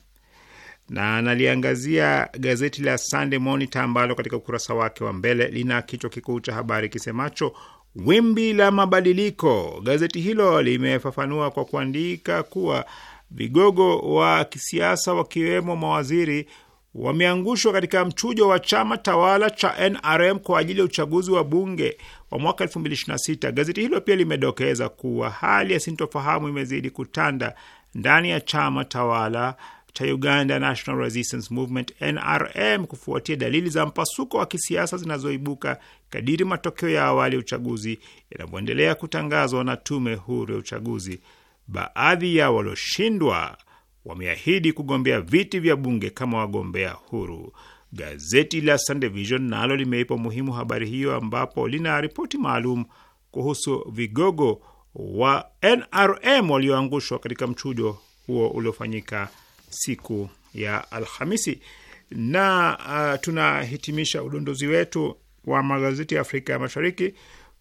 A: na naliangazia gazeti la Sunday Monitor ambalo katika ukurasa wake wa mbele lina kichwa kikuu cha habari kisemacho wimbi la mabadiliko. Gazeti hilo limefafanua kwa kuandika kuwa Vigogo wa kisiasa wakiwemo mawaziri wameangushwa katika mchujo wa chama tawala cha NRM kwa ajili ya uchaguzi wa bunge wa mwaka 2026. Gazeti hilo pia limedokeza kuwa hali ya sintofahamu imezidi kutanda ndani ya chama tawala cha Uganda National Resistance Movement NRM kufuatia dalili za mpasuko wa kisiasa zinazoibuka kadiri matokeo ya awali ya uchaguzi yanavyoendelea kutangazwa na tume huru ya uchaguzi baadhi ya walioshindwa wameahidi kugombea viti vya bunge kama wagombea huru. Gazeti la Sunday Vision nalo limeipa umuhimu habari hiyo, ambapo lina ripoti maalum kuhusu vigogo wa NRM walioangushwa katika mchujo huo uliofanyika siku ya Alhamisi. Na uh, tunahitimisha udondozi wetu wa magazeti ya Afrika ya Mashariki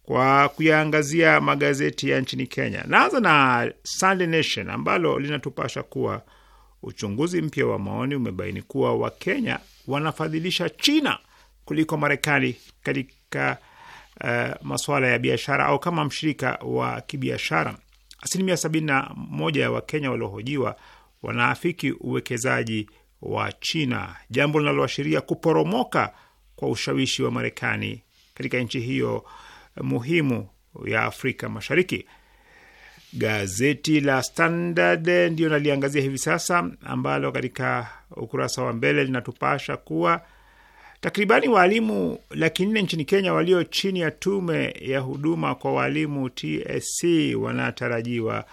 A: kwa kuyaangazia magazeti ya nchini Kenya. Naanza na Sunday Nation ambalo linatupasha kuwa uchunguzi mpya wa maoni umebaini kuwa Wakenya wanafadhilisha China kuliko Marekani katika uh, eh, masuala ya biashara au kama mshirika wa kibiashara. Asilimia sabini na moja ya Wakenya waliohojiwa wanaafiki uwekezaji wa China, jambo linaloashiria kuporomoka kwa ushawishi wa Marekani katika nchi hiyo muhimu ya Afrika Mashariki. Gazeti la Standard ndiyo naliangazia hivi sasa, ambalo katika ukurasa wa mbele linatupasha kuwa takribani waalimu laki nne nchini Kenya walio chini ya tume ya huduma kwa waalimu TSC wanatarajiwa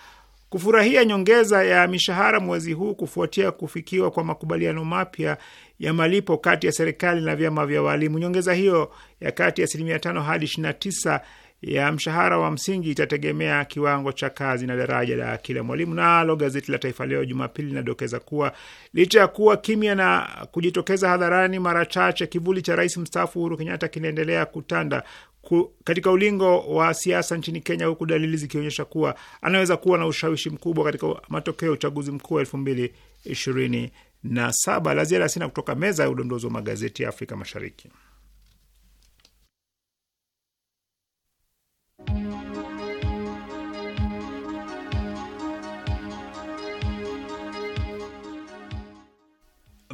A: kufurahia nyongeza ya mishahara mwezi huu kufuatia kufikiwa kwa makubaliano mapya ya malipo kati ya serikali na vyama vya walimu. Nyongeza hiyo ya kati ya asilimia tano hadi ishirini na tisa ya mshahara wa msingi itategemea kiwango cha kazi na daraja la kila mwalimu. Nalo gazeti la Taifa Leo Jumapili linadokeza kuwa licha ya kuwa kimya na kujitokeza hadharani mara chache, kivuli cha rais mstaafu Uhuru Kenyatta kinaendelea kutanda ku, katika ulingo wa siasa nchini Kenya, huku dalili zikionyesha kuwa anaweza kuwa na ushawishi mkubwa katika matokeo ya uchaguzi mkuu wa elfu mbili ishirini na saba. La ziada sina kutoka meza ya udondozi wa magazeti ya Afrika Mashariki.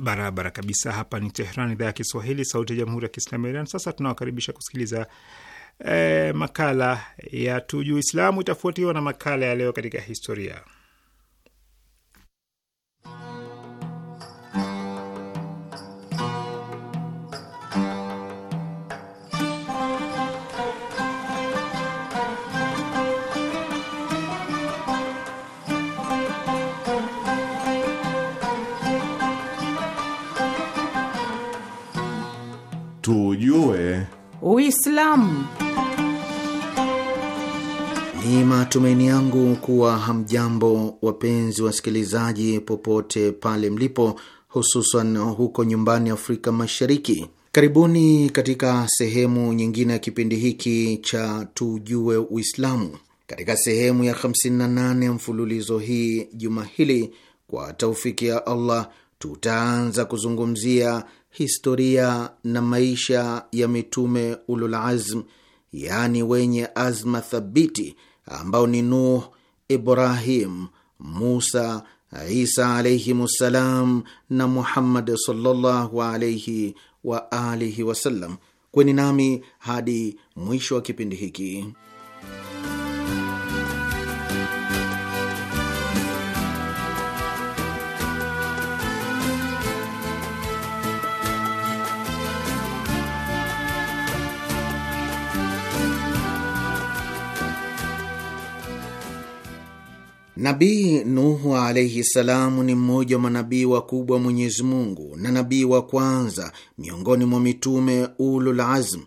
A: Barabara kabisa. Hapa ni Tehran, idhaa ya Kiswahili, sauti ya jamhuri ya kiislamu ya Iran. Sasa tunawakaribisha kusikiliza eh, makala ya Tuju Uislamu, itafuatiwa na makala ya Leo katika Historia.
C: tujue
A: Uislamu.
D: Ni matumaini yangu kuwa hamjambo, wapenzi wasikilizaji, popote pale mlipo, hususan huko nyumbani Afrika Mashariki. Karibuni katika sehemu nyingine ya kipindi hiki cha tujue Uislamu, katika sehemu ya 58 ya mfululizo hii. Juma hili kwa taufiki ya Allah tutaanza kuzungumzia historia na maisha ya mitume ululazm, yaani wenye azma thabiti, ambao ni Nuh, Ibrahim, Musa, Isa alaihim ssalam na Muhammad sallallahu alaihi wa alihi wasallam. Kweni nami hadi mwisho wa kipindi hiki. Nabii Nuhu alaihi salamu ni mmoja wa manabii wakubwa wa Mwenyezi Mungu na nabii wa kwanza miongoni mwa mitume ulul azm,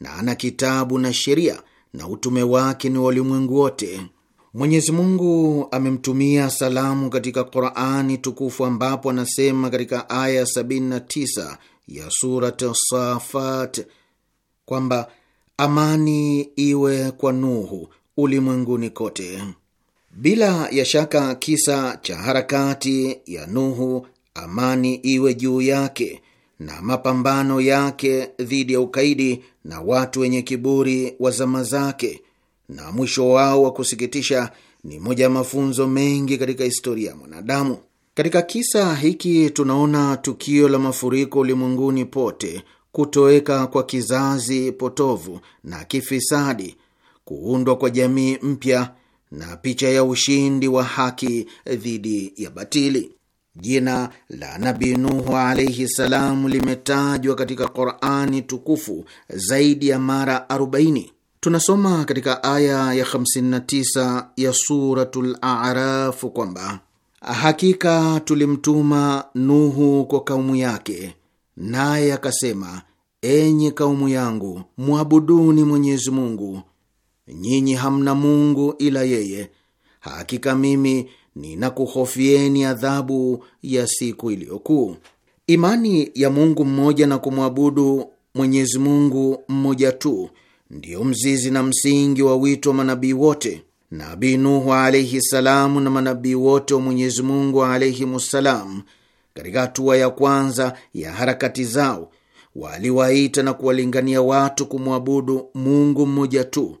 D: na ana kitabu na sheria na utume wake ni wa ulimwengu wote. Mwenyezi Mungu amemtumia salamu katika Qurani tukufu ambapo anasema katika aya 79 ya Surat Safat kwamba amani iwe kwa Nuhu ulimwenguni kote. Bila ya shaka kisa cha harakati ya Nuhu, amani iwe juu yake, na mapambano yake dhidi ya ukaidi na watu wenye kiburi wa zama zake na mwisho wao wa kusikitisha ni moja ya mafunzo mengi katika historia ya mwanadamu. Katika kisa hiki tunaona tukio la mafuriko ulimwenguni pote, kutoweka kwa kizazi potovu na kifisadi, kuundwa kwa jamii mpya na picha ya ushindi wa haki dhidi ya batili. Jina la Nabi Nuhu alaihi salamu limetajwa katika Qurani tukufu zaidi ya mara 40. Tunasoma katika aya ya 59 ya Suratul Arafu kwamba hakika tulimtuma Nuhu kwa kaumu yake, naye akasema, enyi kaumu yangu, mwabuduni Mwenyezi Mungu nyinyi hamna Mungu ila yeye, hakika mimi ninakuhofieni adhabu ya siku iliyokuu. Imani ya Mungu mmoja na kumwabudu Mwenyezi Mungu mmoja tu ndiyo mzizi na msingi wa wito wa manabii wote. Nabii Nuhu alaihi salamu na manabii wote wa Mwenyezi Mungu alaihimussalam, katika hatua ya kwanza ya harakati zao, waliwaita na kuwalingania watu kumwabudu Mungu mmoja tu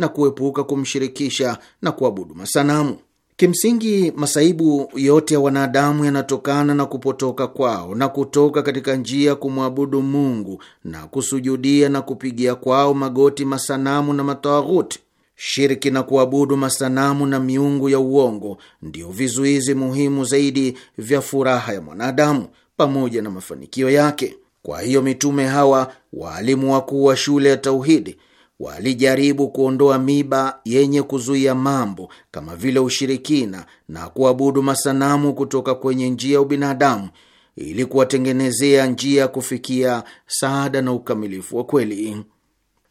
D: na kuepuka kumshirikisha na kuabudu masanamu. Kimsingi, masaibu yote ya wanadamu yanatokana na kupotoka kwao na kutoka katika njia ya kumwabudu Mungu na kusujudia na kupigia kwao magoti masanamu na matawaghuti. Shirki na kuabudu masanamu na miungu ya uongo ndio vizuizi muhimu zaidi vya furaha ya mwanadamu pamoja na mafanikio yake. Kwa hiyo mitume hawa, waalimu wakuu wa shule ya tauhidi walijaribu kuondoa miba yenye kuzuia mambo kama vile ushirikina na kuabudu masanamu kutoka kwenye njia ya ubinadamu ili kuwatengenezea njia ya kufikia saada na ukamilifu wa kweli.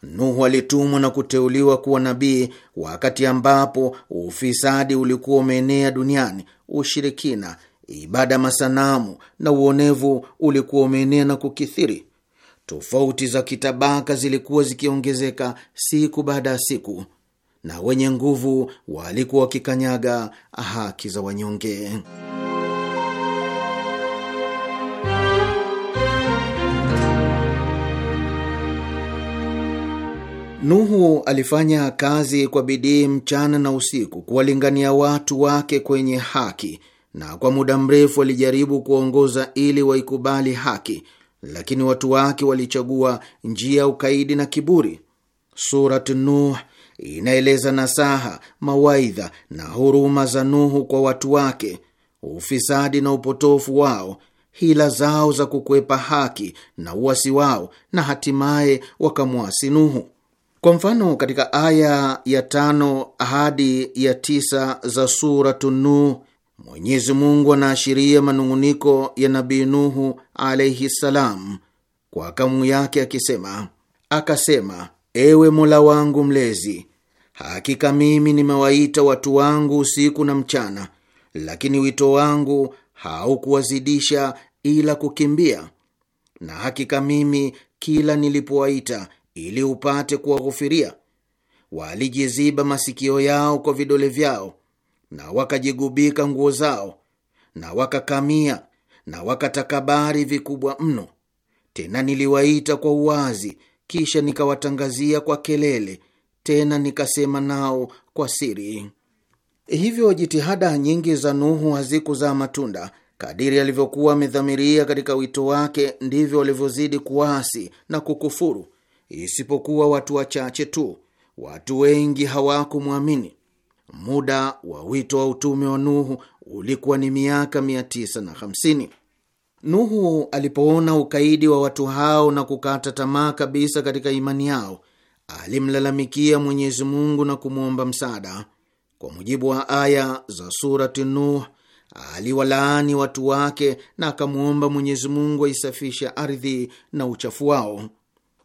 D: Nuhu alitumwa na kuteuliwa kuwa nabii wakati ambapo ufisadi ulikuwa umeenea duniani. Ushirikina, ibada masanamu na uonevu ulikuwa umeenea na kukithiri. Tofauti za kitabaka zilikuwa zikiongezeka siku baada ya siku, na wenye nguvu walikuwa wakikanyaga haki za wanyonge. Nuhu alifanya kazi kwa bidii mchana na usiku kuwalingania watu wake kwenye haki, na kwa muda mrefu alijaribu kuwaongoza ili waikubali haki lakini watu wake walichagua njia ya ukaidi na kiburi. Surat Nuh inaeleza nasaha, mawaidha na huruma za Nuhu kwa watu wake, ufisadi na upotofu wao, hila zao za kukwepa haki na uasi wao, na hatimaye wakamwasi Nuhu. Kwa mfano, katika aya ya tano hadi ya tisa za Suratu Nuh Mwenyezi Mungu anaashiria manung'uniko ya Nabii Nuhu alaihi ssalam kwa kamu yake akisema, akasema: ewe Mola wangu Mlezi, hakika mimi nimewaita watu wangu usiku na mchana, lakini wito wangu haukuwazidisha ila kukimbia, na hakika mimi kila nilipowaita ili upate kuwaghufiria, walijiziba masikio yao kwa vidole vyao na wakajigubika nguo zao na wakakamia na wakatakabari vikubwa mno. Tena niliwaita kwa uwazi, kisha nikawatangazia kwa kelele, tena nikasema nao kwa siri. Hivyo jitihada nyingi za Nuhu hazikuzaa matunda. Kadiri alivyokuwa amedhamiria katika wito wake, ndivyo walivyozidi kuasi na kukufuru, isipokuwa watu wachache tu. Watu wengi hawakumwamini. Muda wa wito wa utume wa Nuhu ulikuwa ni miaka 950. Nuhu alipoona ukaidi wa watu hao na kukata tamaa kabisa katika imani yao, alimlalamikia Mwenyezi Mungu na kumwomba msaada. Kwa mujibu wa aya za surati Nuh, aliwalaani watu wake na akamwomba Mwenyezi Mungu aisafishe ardhi na uchafu wao.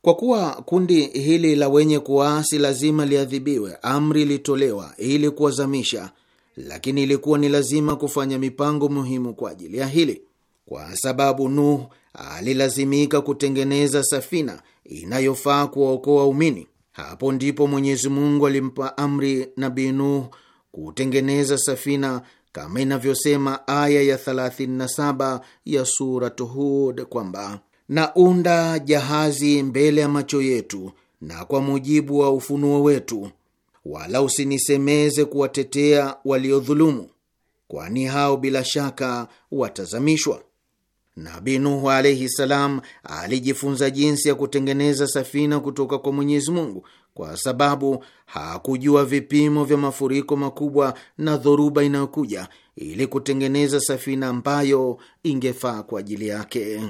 D: Kwa kuwa kundi hili la wenye kuwaasi lazima liadhibiwe, amri ilitolewa ili kuwazamisha, lakini ilikuwa ni lazima kufanya mipango muhimu kwa ajili ya hili, kwa sababu Nuh alilazimika kutengeneza safina inayofaa kuwaokoa waumini. Hapo ndipo Mwenyezi Mungu alimpa amri Nabii Nuh kutengeneza safina kama inavyosema aya ya 37 ya Suratu Hud kwamba na unda jahazi mbele ya macho yetu na kwa mujibu wa ufunuo wetu, wala usinisemeze kuwatetea waliodhulumu, kwani hao bila shaka watazamishwa. Nabii Nuhu alaihi salam alijifunza jinsi ya kutengeneza safina kutoka kwa Mwenyezi Mungu kwa sababu hakujua vipimo vya mafuriko makubwa na dhoruba inayokuja, ili kutengeneza safina ambayo ingefaa kwa ajili yake.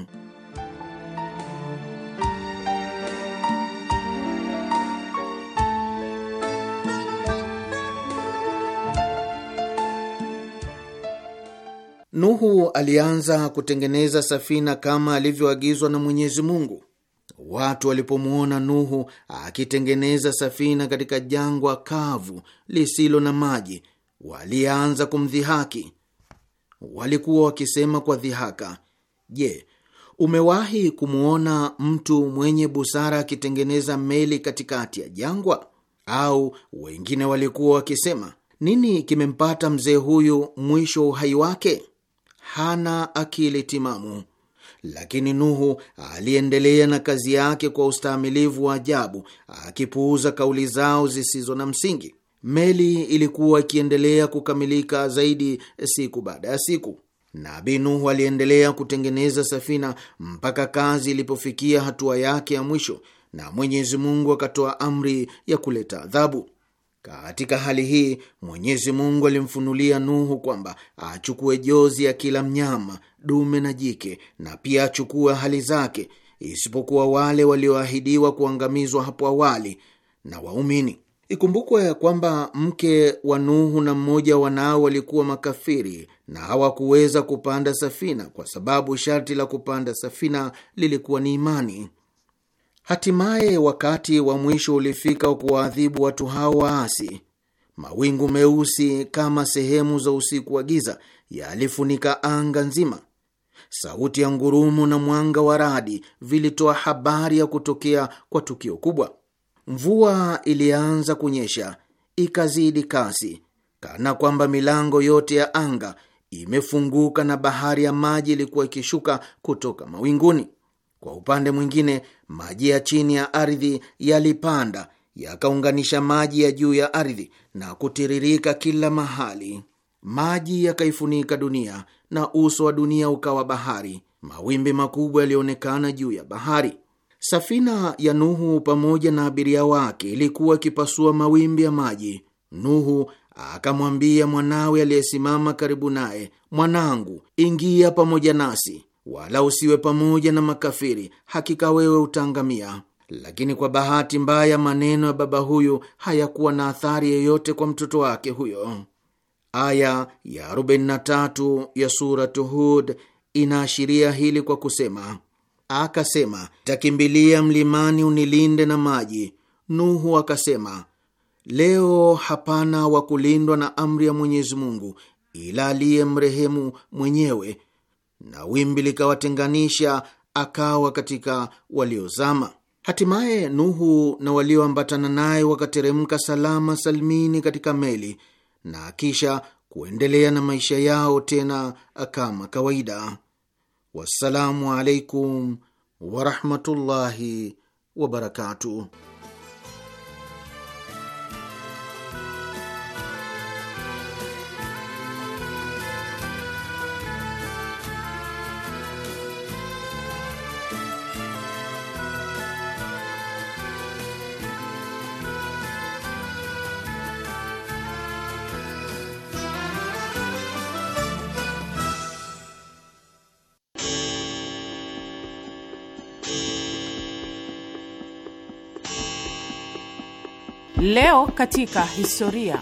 D: Nuhu alianza kutengeneza safina kama alivyoagizwa na Mwenyezi Mungu. Watu walipomwona Nuhu akitengeneza safina katika jangwa kavu lisilo na maji, walianza kumdhihaki. Walikuwa wakisema kwa dhihaka, je, umewahi kumwona mtu mwenye busara akitengeneza meli katikati ya jangwa? Au wengine walikuwa wakisema, nini kimempata mzee huyu mwisho uhai wake? hana akili timamu. Lakini Nuhu aliendelea na kazi yake kwa ustaamilivu wa ajabu, akipuuza kauli zao zisizo na msingi. Meli ilikuwa ikiendelea kukamilika zaidi siku baada ya siku. Nabii Nuhu aliendelea kutengeneza safina mpaka kazi ilipofikia hatua yake ya mwisho, na Mwenyezi Mungu akatoa amri ya kuleta adhabu. Katika hali hii Mwenyezi Mungu alimfunulia Nuhu kwamba achukue jozi ya kila mnyama dume na jike, na pia achukue hali zake, isipokuwa wale walioahidiwa kuangamizwa hapo awali na waumini. Ikumbukwe ya kwamba mke wa Nuhu na mmoja wanao walikuwa makafiri na hawakuweza kupanda safina, kwa sababu sharti la kupanda safina lilikuwa ni imani. Hatimaye wakati wa mwisho ulifika wa kuwaadhibu watu hao waasi. Mawingu meusi kama sehemu za usiku wa giza yalifunika anga nzima. Sauti ya ngurumo na mwanga wa radi vilitoa habari ya kutokea kwa tukio kubwa. Mvua ilianza kunyesha, ikazidi kasi, kana kwamba milango yote ya anga imefunguka na bahari ya maji ilikuwa ikishuka kutoka mawinguni. Kwa upande mwingine, maji ya chini ya ardhi yalipanda yakaunganisha maji ya juu ya ardhi na kutiririka kila mahali. Maji yakaifunika dunia na uso wa dunia ukawa bahari. Mawimbi makubwa yalionekana juu ya bahari. Safina ya Nuhu pamoja na abiria wake ilikuwa ikipasua mawimbi ya maji. Nuhu akamwambia mwanawe aliyesimama karibu naye, mwanangu, ingia pamoja nasi wala usiwe pamoja na makafiri, hakika wewe utaangamia. Lakini kwa bahati mbaya, maneno ya baba huyu hayakuwa na athari yoyote kwa mtoto wake huyo. Aya ya 43 ya suratu Hud inaashiria hili kwa kusema, akasema takimbilia mlimani unilinde na maji. Nuhu akasema leo hapana wa kulindwa na amri ya Mwenyezi Mungu ila aliye mrehemu mwenyewe na wimbi likawatenganisha, akawa katika waliozama. Hatimaye Nuhu na walioambatana naye wakateremka salama salmini katika meli na kisha kuendelea na maisha yao tena kama kawaida. Wassalamu alaikum warahmatullahi wabarakatuh.
C: Leo katika historia.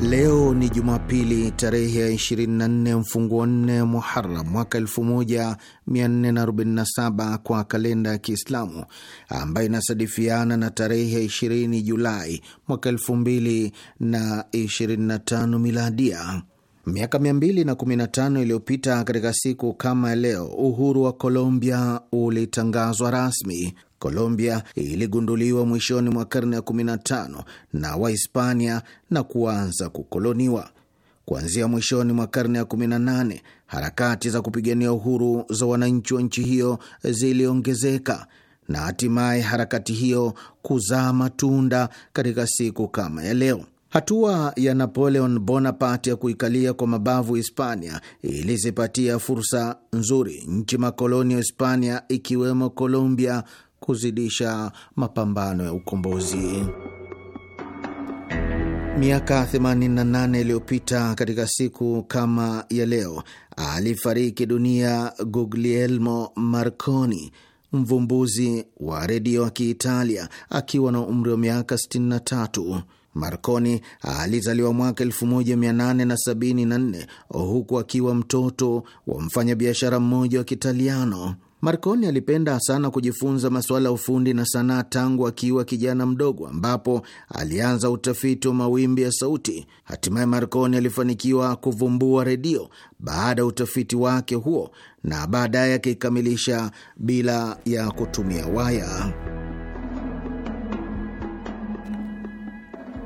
D: Leo ni Jumapili tarehe ya 24 mfunguo nne Muharam mwaka 1447 kwa kalenda ya Kiislamu, ambayo inasadifiana na tarehe ya 20 Julai mwaka 2025 miladia. Miaka 215 iliyopita katika siku kama leo, uhuru wa Colombia ulitangazwa rasmi. Colombia iligunduliwa mwishoni mwa karne ya 15 na Wahispania na kuanza kukoloniwa. Kuanzia mwishoni mwa karne ya 18 harakati za kupigania uhuru za wananchi wa nchi hiyo ziliongezeka na hatimaye harakati hiyo kuzaa matunda katika siku kama ya leo. Hatua ya Napoleon Bonaparte ya kuikalia kwa mabavu Hispania ilizipatia fursa nzuri nchi makoloni ya Hispania ikiwemo Colombia, kuzidisha mapambano ya ukombozi. Miaka 88 iliyopita katika siku kama ya leo alifariki dunia Guglielmo Marconi, mvumbuzi wa redio wa Kiitalia akiwa na umri wa miaka 63. Marconi alizaliwa mwaka 1874 huku akiwa mtoto wa mfanyabiashara mmoja wa Kitaliano. Marconi alipenda sana kujifunza masuala ya ufundi na sanaa tangu akiwa kijana mdogo, ambapo alianza utafiti wa mawimbi ya sauti. Hatimaye Marconi alifanikiwa kuvumbua redio baada ya utafiti wake huo, na baadaye akikamilisha bila ya kutumia waya.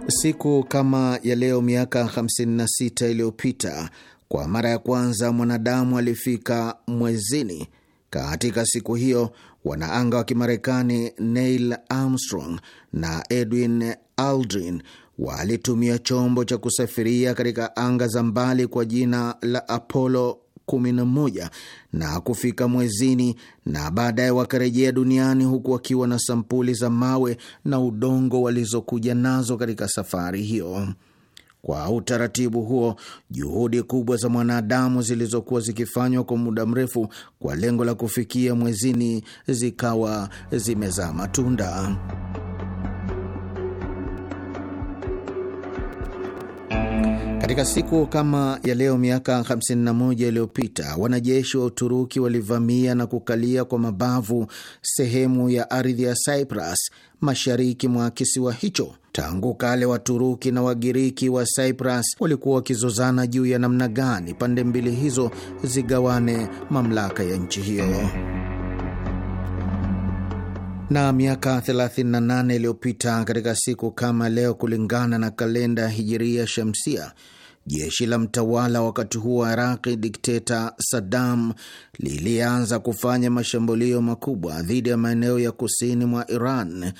D: Siku kama ya leo miaka 56 iliyopita, kwa mara ya kwanza mwanadamu alifika mwezini katika siku hiyo wanaanga wa Kimarekani Neil Armstrong na Edwin Aldrin walitumia chombo cha kusafiria katika anga za mbali kwa jina la Apollo 11 na kufika mwezini na baadaye wakarejea duniani huku wakiwa na sampuli za mawe na udongo walizokuja nazo katika safari hiyo. Kwa utaratibu huo, juhudi kubwa za mwanadamu zilizokuwa zikifanywa kwa muda mrefu kwa lengo la kufikia mwezini zikawa zimezaa matunda. Katika siku kama ya leo miaka 51 iliyopita wanajeshi wa Uturuki walivamia na kukalia kwa mabavu sehemu ya ardhi ya Cyprus mashariki mwa kisiwa hicho. Tangu kale Waturuki na Wagiriki wa Cyprus walikuwa wakizozana juu ya namna gani pande mbili hizo zigawane mamlaka ya nchi hiyo na miaka 38 iliyopita katika siku kama leo, kulingana na kalenda hijiria shamsia, Jeshi la mtawala wakati huo wa Iraqi, dikteta Saddam, lilianza kufanya mashambulio makubwa dhidi ya maeneo ya kusini mwa Iran.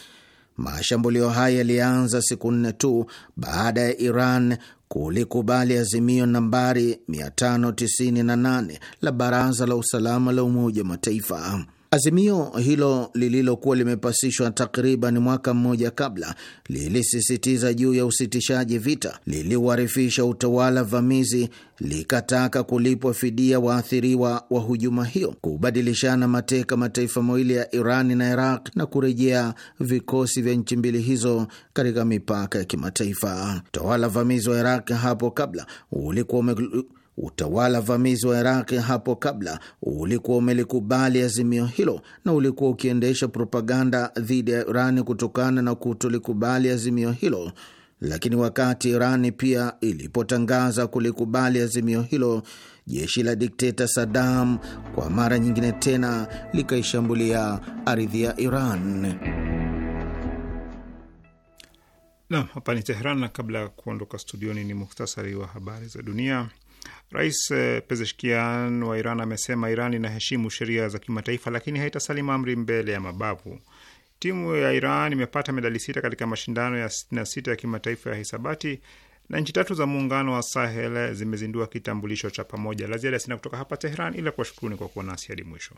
D: Mashambulio haya yalianza siku nne tu baada ya Iran kulikubali azimio nambari 598 la Baraza la Usalama la Umoja wa Mataifa. Azimio hilo lililokuwa limepasishwa takriban mwaka mmoja kabla lilisisitiza juu ya usitishaji vita, liliuharifisha utawala vamizi, likataka kulipwa fidia waathiriwa wa hujuma hiyo, kubadilishana mateka mataifa mawili ya Iran na Iraq na kurejea vikosi vya nchi mbili hizo katika mipaka ya kimataifa. Utawala vamizi wa Iraq hapo kabla ulikuwa umeglu Utawala vamizi wa Iraqi hapo kabla ulikuwa umelikubali azimio hilo na ulikuwa ukiendesha propaganda dhidi ya Irani kutokana na kutolikubali azimio hilo. Lakini wakati Irani pia ilipotangaza kulikubali azimio hilo, jeshi la dikteta Saddam kwa mara nyingine tena likaishambulia ardhi ya Iran.
A: Nam, hapa ni Teheran, na kabla ya kuondoka studioni ni muhtasari wa habari za dunia. Rais eh, Pezeshkian wa Iran amesema Iran inaheshimu sheria za kimataifa lakini haitasalimu amri mbele ya mabavu. Timu ya Iran imepata medali sita katika mashindano ya 66 ya kimataifa ya hisabati na nchi tatu za muungano wa Sahel zimezindua kitambulisho cha pamoja. La ziada sina kutoka hapa teheran ila kuwashukuruni kwa kuwa nasi hadi mwisho.